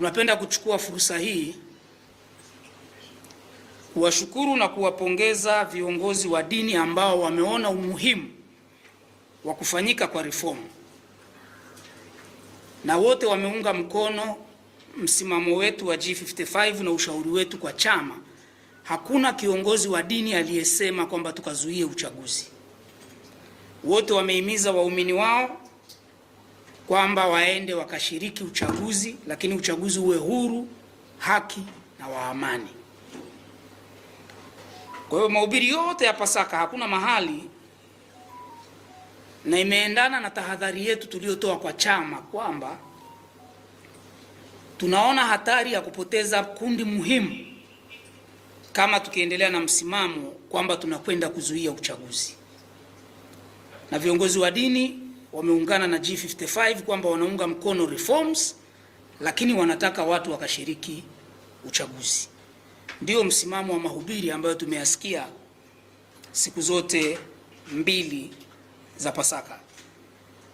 Tunapenda kuchukua fursa hii kuwashukuru na kuwapongeza viongozi wa dini ambao wameona umuhimu wa kufanyika kwa reform na wote wameunga mkono msimamo wetu wa G55 na ushauri wetu kwa chama. Hakuna kiongozi wa dini aliyesema kwamba tukazuie uchaguzi. Wote wamehimiza waumini wao kwamba waende wakashiriki uchaguzi, lakini uchaguzi uwe huru, haki na wa amani. Kwa hiyo mahubiri yote ya Pasaka hakuna mahali, na imeendana na tahadhari yetu tuliyotoa kwa chama kwamba tunaona hatari ya kupoteza kundi muhimu kama tukiendelea na msimamo kwamba tunakwenda kuzuia uchaguzi na viongozi wa dini wameungana na G55 kwamba wanaunga mkono reforms, lakini wanataka watu wakashiriki uchaguzi. Ndio msimamo wa mahubiri ambayo tumeyasikia siku zote mbili za Pasaka.